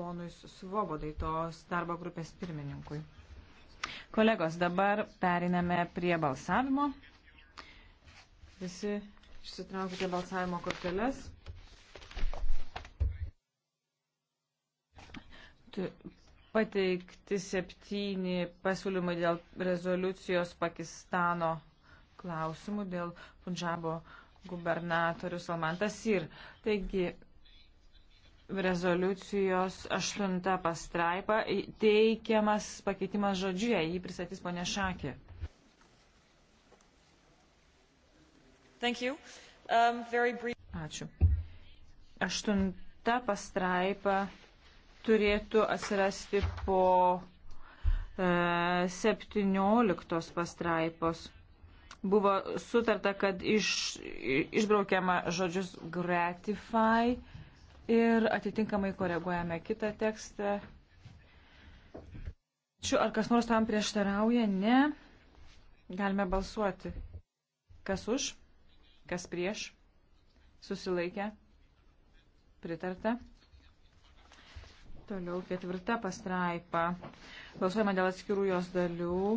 ponui Svobodai, tos darbo grupės pirmininkui. Kolegos, dabar periname prie balsavimo. Visi išsitraukite balsavimo korteles. Pateikti septyni pasiūlymai dėl rezoliucijos Pakistano klausimų dėl Punžabo gubernatorius Salmantas ir. Taigi, rezoliucijos aštunta pastraipa teikiamas pakeitimas žodžiu, jį pristatys ponė Šakė. Um, Ačiū. Aštunta pastraipa turėtų atsirasti po e, 17 pastraipos. Buvo sutarta, kad iš, išbraukiama žodžius gratify ir atitinkamai koreguojame kitą tekstą. Čia ar kas nors tam prieštarauja? Ne. Galime balsuoti. Kas už, kas prieš, susilaikę, pritarta. Toliau ketvirta pastraipa. Balsuojame dėl atskirų jos dalių.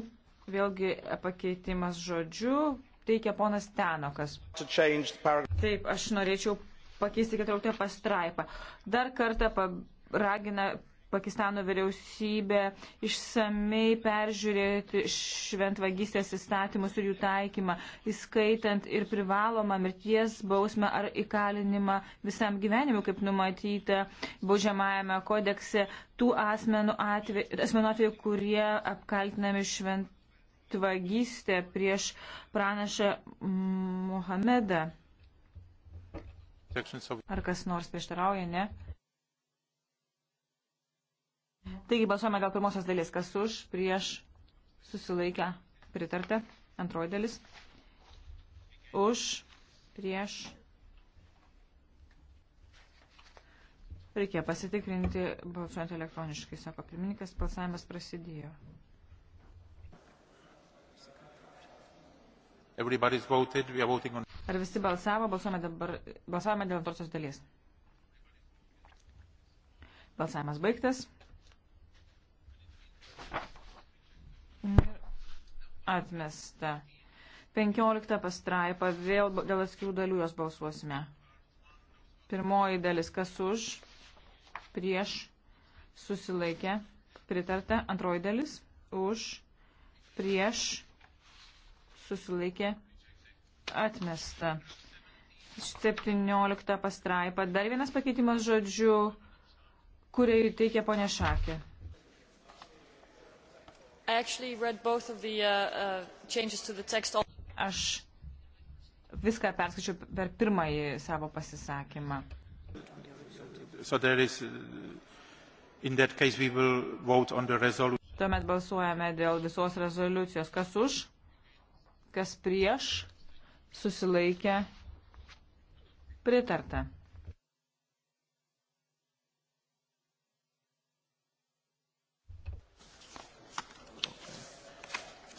Vėlgi pakeitimas žodžiu teikia ponas Tenokas. Taip, aš norėčiau pakeisti 14 pastraipą. Dar kartą ragina Pakistano vyriausybė išsamei peržiūrėti šventvagystės įstatymus ir jų taikymą, įskaitant ir privalomą mirties bausmę ar įkalinimą visam gyvenimui, kaip numatyta baudžiamajame kodekse, tų asmenų atveju, asmenų atveju kurie apkaltinami šventvagystė prieš pranašą Mohamedą. Ar kas nors prieštarauja, ne? Taigi balsuojame dėl pirmosios dalies, kas už, prieš, susilaikę, pritartę, antroji dalis, už, prieš. Reikia pasitikrinti balsuojant elektroniškai, sako pirmininkas, balsavimas prasidėjo. On... Ar visi balsavo? Balsuojame, dabar, balsuojame dėl antrosios dalies. Balsavimas baigtas. Atmesta. 15 pastraipa, vėl dėl atskirų dalių jos balsuosime. Pirmoji dalis, kas už, prieš, susilaikė, pritarta. Antroji dalis, už, prieš, susilaikė atmesta. 17 pastraipa. Dar vienas pakeitimas žodžių, kurį teikia ponė Šakė. Uh, uh, Aš viską perskaičiau per pirmąjį savo pasisakymą. So is, uh, Tuomet balsuojame dėl visos rezoliucijos. Kas už? kas prieš, susilaikė, pritarta.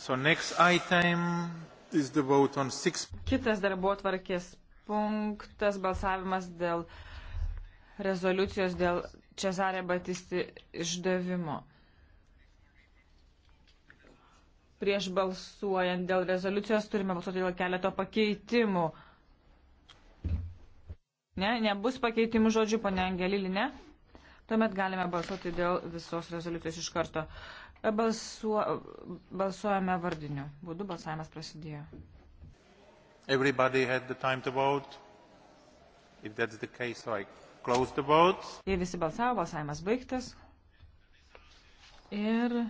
So next item is the vote on six. Kitas darbo tvarkės punktas balsavimas dėl rezoliucijos dėl Čezarė Batisti išdavimo. Prieš balsuojant dėl rezoliucijos turime balsuoti dėl keleto pakeitimų. Ne, nebus pakeitimų žodžių, ponia Angelili, ne? Tuomet galime balsuoti dėl visos rezoliucijos iš karto. Balsuo, balsuojame vardiniu. Būdu balsavimas prasidėjo. Everybody had the time to vote. If that's the case, I close the vote. Jei visi balsavo, balsavimas baigtas. Ir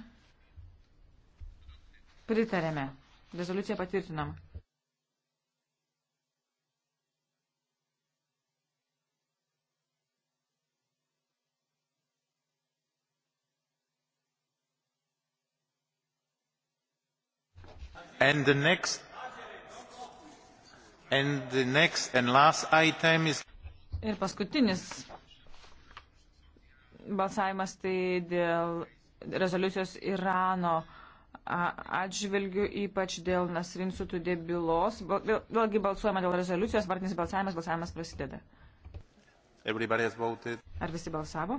Pritarėme. Rezoliuciją patvirtinam. And the next and the next and last item is Ir paskutinis balsavimas tai dėl rezoliucijos Irano atžvilgių, ypač dėl Nasrinsutų dėbylos. Vėlgi balsuojama dėl rezoliucijos, vartinis balsavimas, balsavimas prasideda. Ar visi balsavo?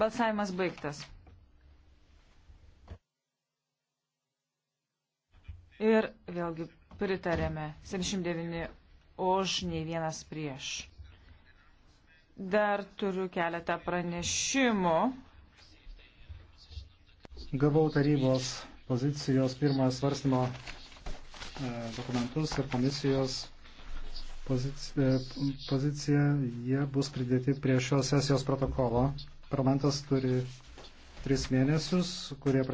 Balsavimas baigtas. Ir vėlgi pritarėme 79 už, nei vienas prieš. Dar turiu keletą pranešimų. Gavau tarybos pozicijos pirmojo svarstymo e, dokumentus ir komisijos poziciją, e, poziciją. Jie bus pridėti prie šios sesijos protokolo. Parlamentas turi tris mėnesius, kurie